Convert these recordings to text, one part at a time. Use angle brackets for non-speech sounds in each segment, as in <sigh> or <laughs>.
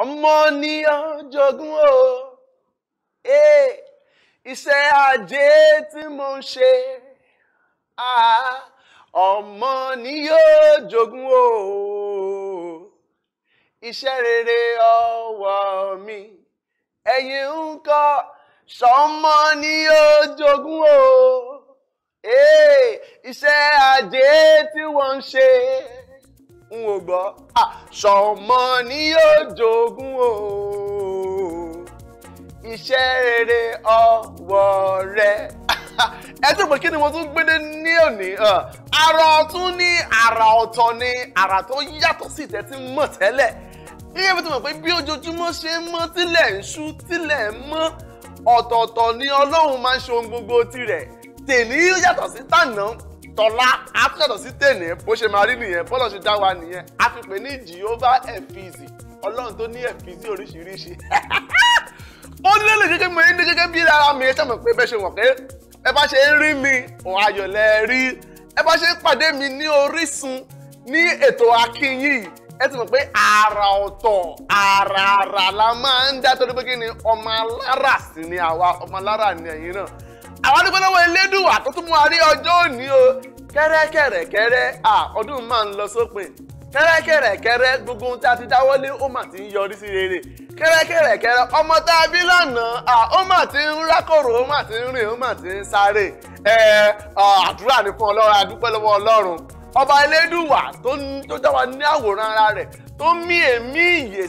ọmọ ni ọjọgún o eh, iṣẹ́ ajé tí mo ń ṣe ah, ọmọ ni yóò jogún o iṣẹ́ rere ọwọ́ mi ẹ̀yin ń kọ́ sọmọ ni yóò jogún o eh, iṣẹ́ ajé tí wọ́n ń ṣe n ò gbọ́ ṣọmọ ni yóò jogún o iṣẹ́ rere ọwọ́ rẹ ẹ tó pé kí ni mo tún gbédé ní òní àrà ọ̀tún ní àrà ọ̀tọ̀ ní àrà tó yàtọ̀ sí ìtẹ́tí mọ̀ tẹ́lẹ̀ gẹ́gẹ́ bí tó mọ̀ pé bí ojoojúmọ́ ṣe ń mọ́ tílẹ̀ ń ṣú tílẹ̀ ń mọ́ ọ̀tọ̀ọ̀tọ̀ ni Ọlọ́run máa ń ṣe ohun gbogbo tirẹ̀ tèmi yàtọ̀ sí tànà tọ́lá á tún yàtọ̀ sí tèlé bó ṣe máa rí nìyẹn bọ́lọ̀ ṣe dá wa nìyẹn á fi pè ní Jehovah efizi ọlọ́run tó ní efizi oríṣiríṣi <laughs> ó lélẹ̀ gẹ́gẹ́ mi ní gẹ́gẹ́ bí ara mi ẹ sọ̀mọ̀ pé bẹ́ẹ̀ ṣe wọ̀n pé ẹ bá ṣe ń rí mi òun ayọ̀ lẹ rí ẹ bá ṣe ń pàdé mi ní Orísun ní ètò akínyìn ẹ ti mọ̀ pé àrà ọ̀tọ̀ àrà àrà la máa ń dá torí pé kí ni ọmọ alára sì ni àwa ọmọ alára ni ẹ̀yin náà àwọn adúgbò lọ́wọ́ elédùwà tó tún mú wa rí ọjọ́ òní o kẹ́rẹ́kẹ́rẹ́kẹ́rẹ́ ọdún máa ń lọ sópin kẹ́rẹ́kẹ́rẹ́kẹ́rẹ́ gbogbo ohun tí a ti dáwọ́lé ó mà ti ń yọrí sí rere kẹ́rẹ́kẹ́rẹ́kẹ́rẹ́ ọmọ tá a bí lánàá ó mà ti ń rákòrò ó mà ti ń rìn ó mà ti ń sáré àdúrà ní fún ọlọ́run a dúpẹ́ lọ́wọ́ ọlọ́run ọba elédùwà tó dá ní àwòrán ara rẹ̀ tó mí èémí ìyè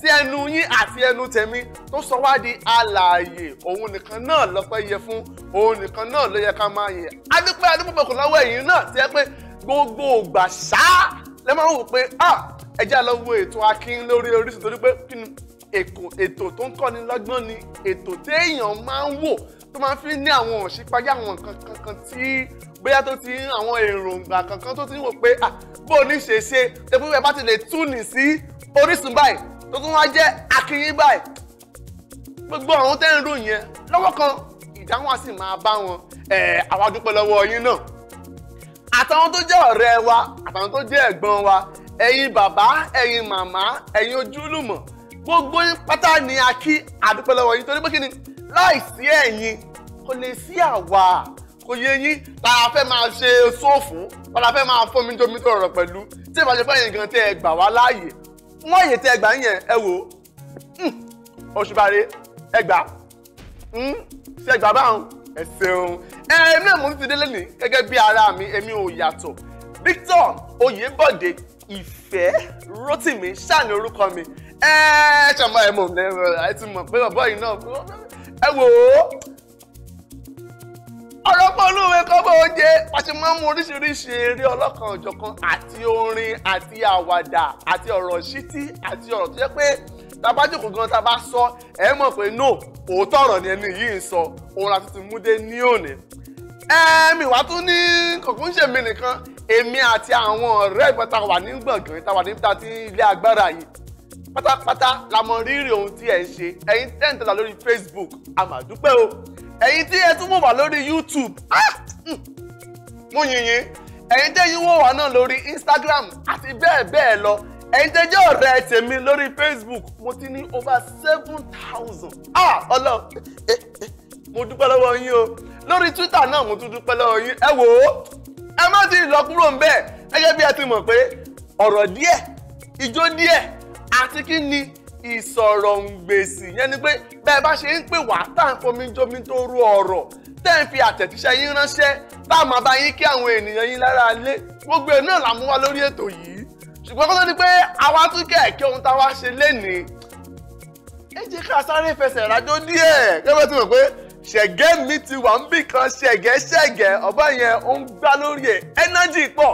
sí ẹnu yín àti ẹnu tèmi tó sọ wá di alààyè òun nìkan náà lọ́pẹ́ yẹ fún òun nìkan náà ló yẹ ká máa yìn adúpẹ́ adúpẹ́ kò lọ́wọ́ ẹ̀yin náà ti ẹ pé gbogbo ògbà ṣáá lẹ́ máa ń wò pé ẹ já lọ wo ètò Akin lórí Orísun torí pé kí ni ètò tó ń kọ́ni lọ́gbọ́n ni ètò téèyàn máa ń wò tó máa fi ní àwọn òṣìpáyà àwọn kankan tí bóyá tó ti ń àwọn èròǹgbà kankan tó ti ń wò pé ah bó o ní ṣe ṣe tẹ̀fúnfẹ́ bá ti lè túnì sí Orísun báyìí tó tún wá jẹ́ Àkíìyín báyìí gbogbo àwọn tẹ́ ń ròyìn yẹn lọ́wọ́ kan ìdáhùn á sì máa bá wọn àwa dúpẹ́ lọ́wọ́ yín náà àtàwọn tó jẹ́ ọ̀rẹ́ wa àtàwọn tó jẹ́ ẹ̀gbọ́n wa ẹ̀yin bàbá ẹ̀yin màmá ẹ̀yin ojúlùmọ̀ gbogbo yín pátá ni a kí àdúpẹ́ lọ́wọ́ yín torí pé kí ni láìsí ẹ̀yin kò lè sí àwa kò yé yín lára fẹ́ máa ṣe sóòfún lára fẹ́ máa fún mi tómi tó rọrọ̀ pẹ̀lú tí ìbáṣe fẹ́ yẹn gan tẹ́ ẹ gbà wá láàyè wọ́n àyè tẹ́ ẹ gbà yẹn ẹ wò ó Ọ̀ṣùbàrè hmm, ẹ gbà hmm, ṣe gbà báwọn ẹ ṣeun ẹ èmi náà mo ti délé ní gẹ́gẹ́ bí ara mi èmi ò yàtọ̀ Victor Oyèbọ̀dé ìfẹ́ Rótìmí ṣáà ní orúkọ mi ẹ ṣàmọ́ ẹ mọ̀ ẹ ti mọ̀ pé bàbá yìí náà ẹ wò ó ọlọ́pàá olúwe kọ́bọ̀ oúnjẹ wọ́n ti máa ń mú oríṣiríṣi eré ọlọ́kan òjọ̀kan àti orin àti àwàdà àti ọ̀rọ̀ ṣítí àti ọ̀rọ̀ tó jẹ́ pé tábà jòkó gan tábà sọ ẹ mọ̀ pé no òótọ́ ọ̀rọ̀ ni ẹni yìí ń sọ òun àti ti mú dé ní òní. ẹ̀ẹ́mì wá tún ní kòkó ń ṣe mí nìkan èmi àti àwọn ọ̀rẹ́ ìbọn tá wà ní gbọ̀ngàn tá a wà níbi ti ilé agbára yìí pátápátá la mọ rírì ohun tí ẹ ń ṣe ẹ̀yin tẹ́ǹtẹ́ta lórí Facebook a o ẹ̀yin tí ẹ tún wò wá lórí YouTube ah! hmm. mo yìn yín ẹ̀yin tẹ́ yín wò wá náà lórí Instagram àti bẹ́ẹ̀ bẹ́ẹ̀ lọ ẹ̀yin tẹ́ jẹ́ ọ̀rẹ́ tèmi lórí Facebook mo ti ní over seven thousand ah ọlọ eh, eh, mo dúpẹ́ lọ́wọ́ yín o lórí Twitter náà mo tún dúpẹ́ lọ́wọ́ yín ẹ wò ó ẹ má ti lọ kúrò ń bẹ́ẹ̀ gẹ́gẹ́ bí ẹ ti mọ̀ pé ọ̀rọ̀ díẹ̀ ìjó díẹ̀ àti kí ni ìsọ̀rọ̀ǹgbèsì yẹn ni pé bẹ́ẹ̀ bá ṣe ń pè wá tá à ń fomi jomi tó ru ọ̀rọ̀ tẹ́ ń fi àtẹ̀jíṣẹ́ yín ránṣẹ́ tá a máa bá yín kí àwọn ènìyàn yín lára lé gbogbo ẹ̀ náà là mú wá lórí ètò yìí ṣùgbọ́n kó tó di pé àwa tún kẹ̀kẹ́ ohun táwa ṣe lénìí ẹ jẹ́ ká sáré fẹsẹ̀ rájò díẹ̀ kẹ́fẹ́ ti mọ̀ pé ṣẹ̀gẹ́ mi ti wà ń bì kan ṣẹ̀gẹ́ ṣẹ̀gẹ́ ọ̀bá yẹn ó ń gbá lórí ẹ̀ ẹ́nájì pọ̀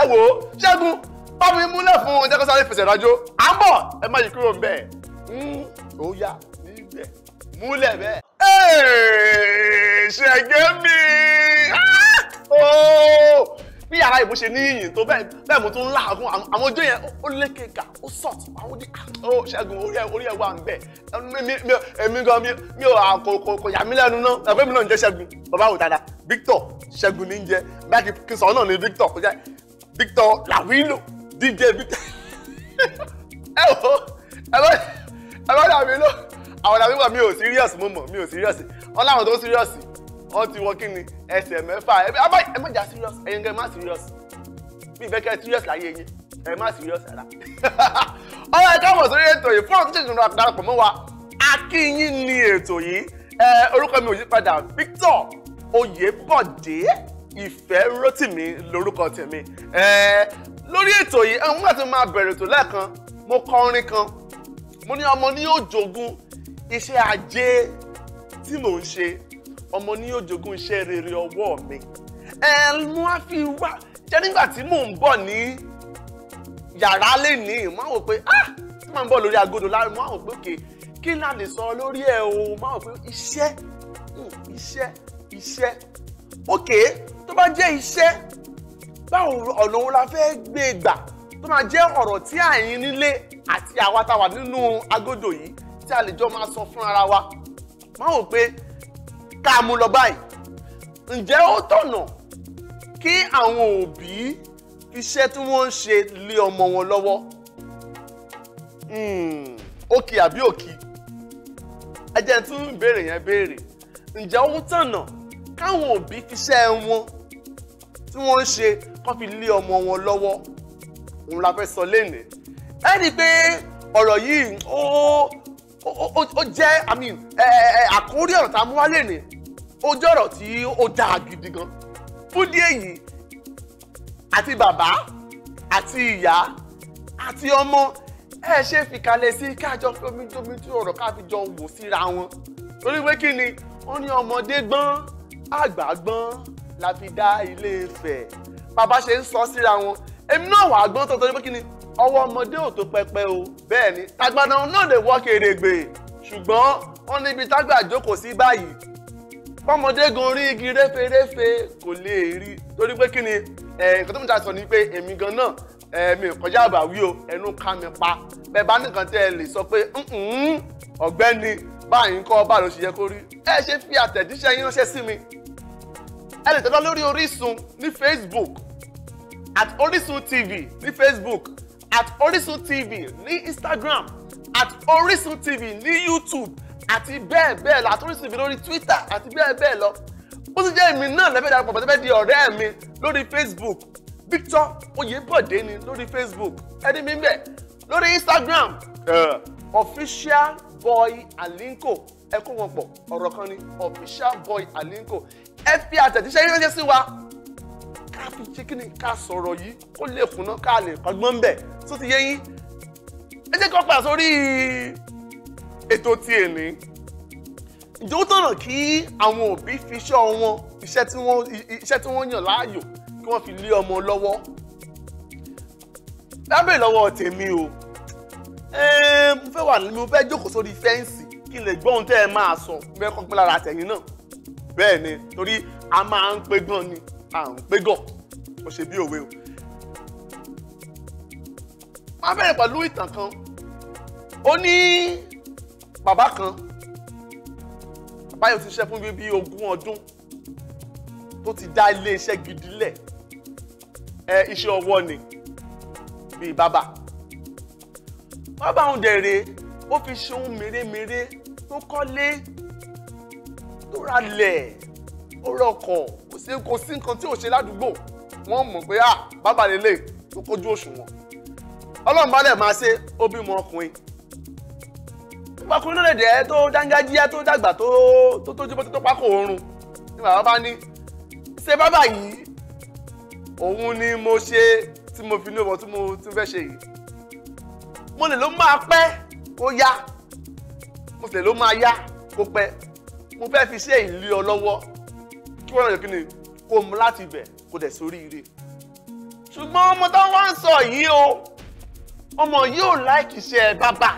ẹ wò ó ṣẹ́gun fábí múlẹ̀ fún oúnjẹ kó sáré fẹsẹ̀ rájó à ń bọ̀ ẹ má yí kúrò bẹ́ẹ̀ ó yá níbẹ̀ múlẹ̀ bẹ́ẹ̀. ṣẹ̀gẹ́ mi ah! bí yàrá ìbò ṣe ní ìyìn tó bẹ́ẹ̀ bẹ́ẹ̀ mo tún ń láàgùn àwọn ojú yẹn ó lékeka ó sọ̀t àwọn ojú ah! ó ṣẹ́gun orí ẹ̀ orí ẹ̀ wà ń bẹ̀ èmi gan mi ò àkókò ah, kò yà mí lẹ́nu náà ẹ̀fọ́ mi náà ń jẹ́ ṣẹ́gun bàbá wò dáadáa Victor ṣẹ́gun ní ń jẹ báyìí kí n sọ̀rọ̀ náà ní Victor kò jẹ́ Victor làwílò díje bí <laughs> ẹ wò ẹ bá ẹ bá dàbí lò àwọn dàbí wà mí ò serious mo mọ̀ mi ò serious wọn láwọn tó serious wọn ti wọ kíni ẹsẹ̀ mẹ́fà ẹ bá ẹ má jà serious ẹyin kẹ má serious bí ìfẹ́ kẹ serious láyé yín ẹ má serious rárá ọ̀rọ̀ ẹ̀ka wọ̀ sórí ètò yìí fún ọ̀tún ṣèjọba darapọ̀ mọ́ wa akínyìn ni ètò yìí orúkọ mi ò yí padà Victor Oyèbọ̀dé Ìfẹ́ Rótìmí lórúkọ tèmi lórí ètò yìí ẹ̀hún nígbà tí mo máa bẹ̀rẹ̀ ètò lẹ́ẹ̀kan mo kọ orin kan mo ní ọmọ ní yóò jogún iṣẹ́ ajé tí mò ń ṣe ọmọ ní yóò jogún iṣẹ́ rere ọwọ́ mi ẹ mo á fi wá jẹ́ nígbà tí mò ń bọ̀ ní yàrá lẹ́nìí mo á wò pé ah tí mò ń bọ̀ lórí agodo láàrin mo á wò pé òkè kí náà lè sọ lórí ẹ̀ o mo á wò pé iṣẹ́ hmm, iṣẹ́ iṣẹ́ òkè tó bá jẹ́ iṣẹ́ báwo ọ̀nà òun la fẹ́ gbé e gbà tó máa jẹ́ ọ̀rọ̀ tí àyín nílé àti àwa a wà nínú agodo yìí tí a lè jọ máa sọ fún ara wa máa wò pé ká mú lọ báyìí ǹjẹ́ ó tọ̀nà kí àwọn òbí iṣẹ́ tí wọ́n ń ṣe lé ọmọ wọn lọ́wọ́ hmm, òkè àbí òkì ẹ jẹ́ tún ìbéèrè yẹn béèrè ǹjẹ́ ó tọ̀nà káwọn òbí fiṣẹ́ wọn tí wọ́n ń ṣe kọ́ fi lé ọmọ wọn lọ́wọ́ òun la fẹ́ sọ lénìí ẹ ní pé ọ̀rọ̀ yìí ó ó jẹ́ i mean àkórí ọ̀rọ̀ tá a mú wá lénìí ó jẹ́ ọ̀rọ̀ tí ó dáa gidi gan fún díẹ̀ yìí àti bàbá àti ìyá àti ọmọ ẹ ṣe fìkàlẹ̀ sí káàjọ pé omi tómi tí ọ̀rọ̀ ká fi jọ wò síra wọn torí pé kí ni wọ́n ní ọmọdé gbọ́n àgbà gbọ́n la fi dá ilé Ifẹ̀ bàbá ṣe ń sọ síra wọn èmi náà wàá gbọ́ tó torí pé kí ni ọwọ́ ọmọdé ò tó pẹpẹ o bẹ́ẹ̀ ni tagbada náà lè wọ́ kèrègbè ṣùgbọ́n wọ́n níbi tágbà jókòó sí báyìí pọ́mọdé gan rí igi réferéfe kò lè rí torí pé kí ni nǹkan tó ń ta sọ ni pé èmi gan náà èmi ò kọjá àbáwí o ẹnu ká mi pa bẹ́ẹ̀ bá nìkan tẹ́ ẹ lè sọ pé ọ̀gbẹ́ni báyìí ń kọ́ báyìí ló ṣe yẹ kó rí ẹ ṣe fi àtẹ̀jíṣẹ́ yín ránṣẹ́ sí mi ẹ lè tẹ̀lé lórí Orísun ní Facebook at Orísun TV ní Facebook at Orísun TV ní Instagram at Orísun TV ní YouTube àti bẹ́ẹ̀ bẹ́ẹ̀ lọ àti Orísun TV lórí Twitter àti bẹ́ẹ̀ bẹ́ẹ̀ lọ ó sì jẹ́ èmi náà lẹ́fẹ̀ẹ́ darapọ̀ pọ̀ tẹ́fẹ́ di ọ̀rẹ́ mi lórí Facebook Victor Oyèbọ̀dé ni lórí Facebook ẹni mi bẹ́ẹ̀ lórí Instagram eh, official boy alinko ẹ kó wọn pọ̀ ọ̀rọ̀ kan ni official boy alinko fp àtẹ̀tíṣẹ́ rí ránṣẹ́ sí wa ká fi ṣe kí ni ká sọ̀rọ̀ yìí ó lè kùnà ká lè kọ́gbọ́n bẹ̀ tó ti yé yín ẹ jẹ́ kó padà sórí ètò ti èní ìjọ̀wọ́ tọ̀nà kí àwọn òbí fi iṣẹ́ wọn iṣẹ́ tí wọ́n iṣẹ́ tí wọ́n yàn láàyò kí wọ́n fi lé ọmọ lọ́wọ́ lábẹ́ lọ́wọ́ tèmi o mo fẹ́ wà mo fẹ́ jókòó sórí fẹ́ǹsì kí n lè gbọ́ ohun tẹ́ ẹ máa sọ mo fẹ́ kọ́ pé lára tẹ̀yìn náà bẹ́ẹ̀ ni torí a máa ń pé gan ni à ń pé gọ̀ ó ṣe bí òwe o. máa bẹ̀rẹ̀ pẹ̀lú ìtàn kan ó ní bàbá kan bàbá yóò ti ṣe fún bíi ogún ọdún tó ti dá iléeṣẹ́ gidi lẹ̀ ẹ iṣẹ́ ọwọ́ ni bíi bàbá bàbá òun dẹ̀ rèé ó fi ṣe ohun mèremère tó kọ́lé tó ra lẹ̀ ó rọ ọkọ̀ kò sí kò sí nǹkan tí ò ṣe ládùúgbò wọ́n mọ̀ pé à ah, bàbá lélẹ̀ tó kójú òṣùwọ̀n ọlọ́run bá dẹ̀ máa ṣe ó bímọ ọkùnrin ọkùnrin ló lè jẹ́ tó dángájíá tó dàgbà tó tó tójú bó tó pákó oorun ni bàbá bá ní ṣe bàbá yìí òun ni mo ṣe tí mo fi ní ọmọ tí mo tún fẹ́ ṣe yìí mo lè ló máa pẹ́ kó yá mo sì lè ló máa yá kó pẹ́ mo fẹ́ fi ṣe ìlé ọ lọ́wọ́ kí wọ́n lọ́dọ̀ kí ni kó mu láti ibẹ̀ kó dẹ̀ sórí ire ṣùgbọ́n ọmọ tó wá ń sọ yìí o ọmọ yìí ò láìkì iṣẹ́ bàbá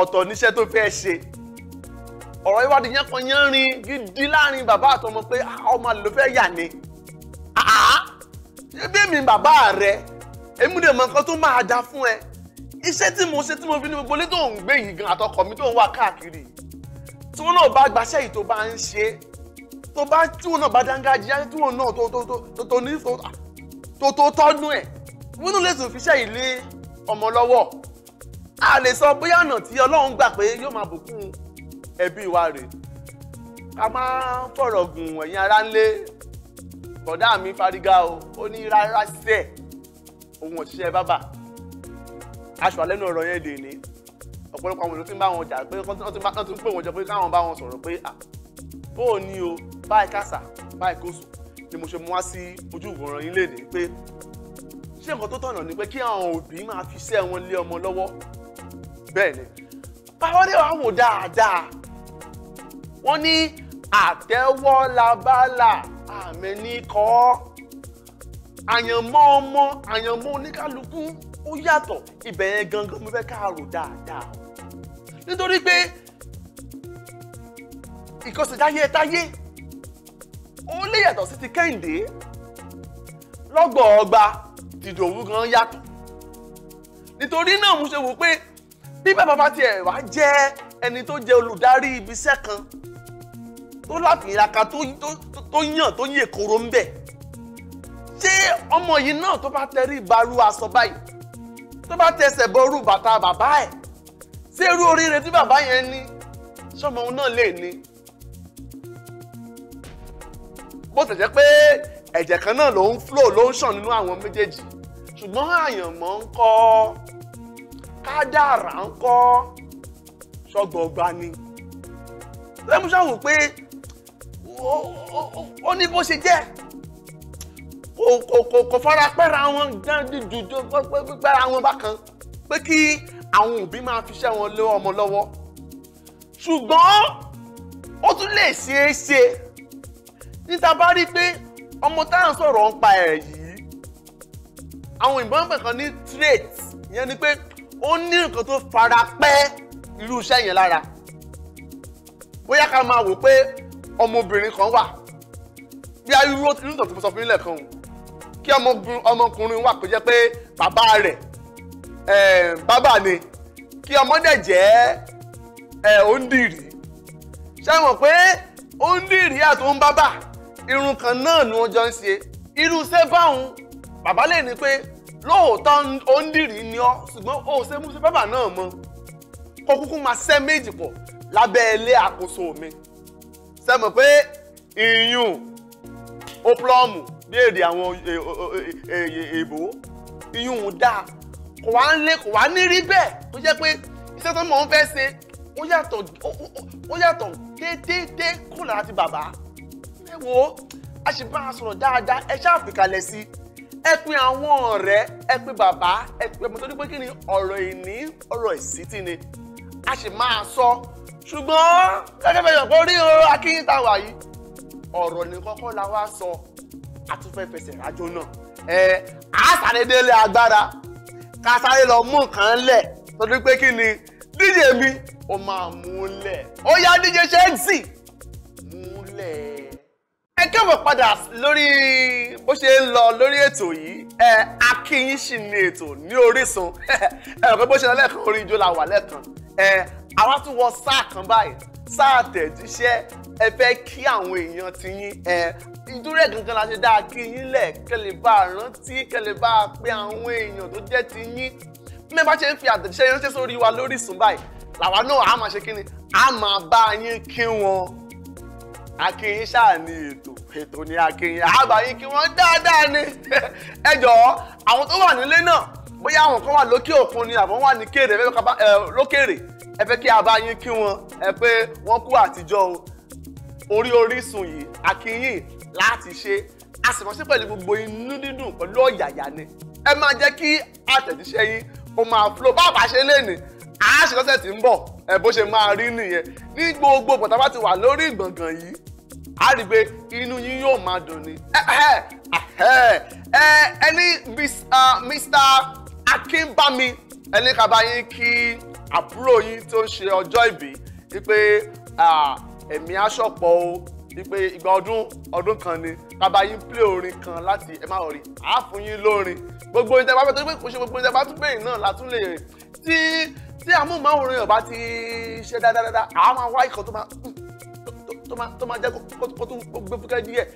ọ̀tọ̀ níṣẹ́ tó fẹ́ ṣe ọ̀rọ̀ ìwádìí yẹn kan yẹn rin gidi láàrin bàbá àtọmọ pé ah, ọmọ àlè ló fẹ́ yà ni ẹbí mi bàbá rẹ èmi lè mọ nǹkan tó máa da fún ẹ iṣẹ́ tí mo ṣe tí mo fi ní gbogbo ilé tó ń gbé yìí gan àtọkọ mi tó ń wà káàkiri yìí tí wọn náà bá gbaṣẹ́ yìí tó bá ń ṣe tó bá tí wọn náà bá dángájíá tí wọn náà tó ní tó tó tọ́nu ẹ̀ wọn náà lè tún fiṣẹ́ yìí lé ọmọ lọ́wọ́ a lè sọ bóyá ọ̀nà tí Ọlọ́run gbà pé yóò máa bùkún ẹbí wa rèé ká má fọ̀rọ̀ gùn ẹ̀yin ará ńlé bọ̀dá mi fariga o ó ní rárá sí ẹ̀ òun òṣìṣẹ́ bàbá aṣọ alẹ́nu ọ̀rọ̀ yẹn dè ní ọ̀pọ̀lọpọ̀ àwọn èèyàn ti ń bá wọn jà pé wọ́n ti ń pè wọ́n jọ pé káwọn bá wọn sọ̀rọ̀ pé bóò ni o báyìí kásà báyìí kò ni mo ṣe mú wá sí ojú ìwòran yín léde pé ṣé nǹkan tó tọ̀nà ni pé kí àwọn òbí máa fi iṣẹ́ wọn lé ọmọ lọ́wọ́ bẹ́ẹ̀ ni báwọn dé wò dáadáa wọ́n ní àtẹ́wọ́ labálà àmì ní kọ́ àyànmọ́ ọmọ àyànmọ́ oníkálukú ó yàtọ̀ ibẹ̀ yẹn gangan mo fẹ́ ká rò dáadáa nítorí pé ìkọsẹ̀dáyé táyé ó lè yàtọ̀ sí ti kẹ́hìndé lọ́gbọ̀ọ́gba tìdòwú gan yàtọ̀ nítorí náà mo ṣe wò pé bí bàbá bá tiẹ̀ wá jẹ́ ẹni tó jẹ́ olùdarí ibiṣẹ́ kan tó látìlaka tó yàn tó yè koro ń bẹ̀ ṣé ọmọ yìí náà tó bá tẹrí ìbarú aṣọ báyìí tó bá tẹsẹ̀ bọ rú bàtà bàbá ẹ̀ ṣé irú oríire tí bàbá yẹn ní sọmọ òun náà lè ní. bó ti jẹ́ pé ẹ̀jẹ̀ kan náà ló ń flow ló ń ṣàn nínú àwọn méjèèjì ṣùgbọ́n àyànmọ́ ń kọ́ kádàrá ń kọ́ ṣọgbọ̀gba ni. lẹ́mú sọ̀rọ̀ pé ó ní bó ṣe jẹ́ kò kò kò fara pẹ́ra wọn jù pẹ́ra wọn bákan pé kí àwọn òbí máa fi ṣẹ́ wọn lé ọmọ lọ́wọ́ ṣùgbọ́n ó tún lè ṣeé ṣe níta bá rí pé ọmọ táwọn sọ̀rọ̀ ń pa ẹ̀ yìí àwọn ìbọn pẹ̀kan ní trait ìyẹn ni pé ó ní nǹkan tó fara pẹ́ irú iṣẹ́ yẹn lára bóyá ká máa wò pé ọmọbìnrin kan wà bí ayúró inú ìtàn tí mo sọ fún yín lẹ́ẹ̀kan o kí ọmọkùnrin wà kó jẹ́ pé bàbá rẹ̀ bàbá ni kí ọmọ dẹ̀ jẹ́ òǹdìrí ṣé mọ̀ pé òǹdìrí àtòun bàbá irun kan náà ni wọ́n jọ ń ṣe irú iṣẹ́ báwọn bàbá lè ní pé lóòótọ́ òǹdìrí ni ọ́ ṣùgbọ́n ó ṣe mú sí bàbá náà mọ́ kó kúkú máa ṣẹ́ méjì pọ̀ lábẹ́ ilé àkóso mi ṣé mọ̀ pé ìyún ó plọ́ọ̀mù bí èdè àwọn e, e, e, èèbò iyún òun dáa kò wá ń lé kò wá ní rí bẹ́ẹ̀ tó jẹ́ pé iṣẹ́ tó mọ̀ ń fẹ́ ṣe ó yàtọ̀ ó yàtọ̀ déédéé kúrò láti bàbá ẹ wo a sì bá a sọ̀rọ̀ dáadáa ẹ ṣáà fìkàlẹ̀ sí i ẹ pin àwọn ọ̀rẹ́ ẹ pin bàbá ẹ pin ọmọ tó ní pé kí ni ọ̀rọ̀ ìní ọ̀rọ̀ ìsítí ni a sì máa sọ ṣùgbọ́n gẹ́gẹ́ bẹ́ẹ̀ yọ̀ pé orí ọ̀rọ̀ akínyìn yìí ọ̀rọ̀ ní kọ́kọ́ la wá sọ. So àtúnfẹ́ fẹsẹ̀ rájò náà ẹ àásàrè délé agbára ká sáré lọ mú nǹkan lẹ̀ torí pé kí ni DJ mi ó máa mú lẹ̀ ó yá DJ ṣẹ́ǹsì mú lẹ̀. ẹ kẹ́wọ̀n padà lórí bó ṣe ń lọ lórí ètò yìí ẹ akínyìn sì ni ètò ní Orísun <laughs> ẹ rò pé bó ṣe lọ lẹ́ẹ̀kan orin ijó la wà lẹ́ẹ̀kan ẹ àwa tún wọ sáà kan báyìí sáà tẹ̀jíṣẹ́ ẹ fẹ́ kí àwọn èèyàn ti yín ẹ ìdúrẹ́ gangan la ṣe dáa kí yín lẹ̀ kẹlẹ̀ bá rántí kẹlẹ̀ bá pé àwọn èèyàn tó jẹ́ ti yín mẹ́bà ṣe ń fi àtẹ̀jíṣẹ́ ránṣẹ́ sórí wa lórí Orísun báyìí làwa náà á máa ṣe kí ni á máa bá yín kí wọn akínyín ṣáà ní ètò ètò ní akínyín àbá yín kí wọ́n dáadáa ni <laughs> ẹ jọ̀ọ́ àwọn tó wà nílé náà bóyá àwọn kan wà lókè òkun ni àbọ̀ wà ní kéèrè lókèrè ẹ fẹ́ kí a bá yín kí wọn ẹ pé wọ́n kú àtijọ́ o orí Orísun yìí àkíyìn láti ṣe a sì ránṣẹ́ pẹ̀lú gbogbo inú dídùn pẹ̀lú ọ̀yàyà ni ẹ máa jẹ́ kí àtẹ̀jíṣẹ́ yín kó máa flow bá àbá ṣe lé ní àáṣe lọ́sẹ̀ tí ń bọ̀ ẹ bó ṣe máa rí nìyẹn ní gbogbo bọ̀tà bá ti wà lórí gbọ̀ngàn yìí a rí i pé inú yín yóò máa dùn ni ẹni Mr Akínbámi ẹni kaba yín kí àbúrò yín tó ń ṣe ọjọ́ ìbí wípé ẹ̀mí aṣọ́pọ̀ o wípé ìgbà ọdún ọdún kan ni bàbá yín plé orin kan láti ẹ má rí àáfún yín lórin gbogbo ìjọba pẹ̀lú pé kò ṣe gbogbo ìjọba tún bẹ́ẹ̀ náà látún lè rìn tí tí amóhùnmáwòrán yóò ti ṣe dáadáa àwọn àwa ikọ̀ tó máa tó máa jẹ́ kó tún gbé fúkẹ́ díẹ̀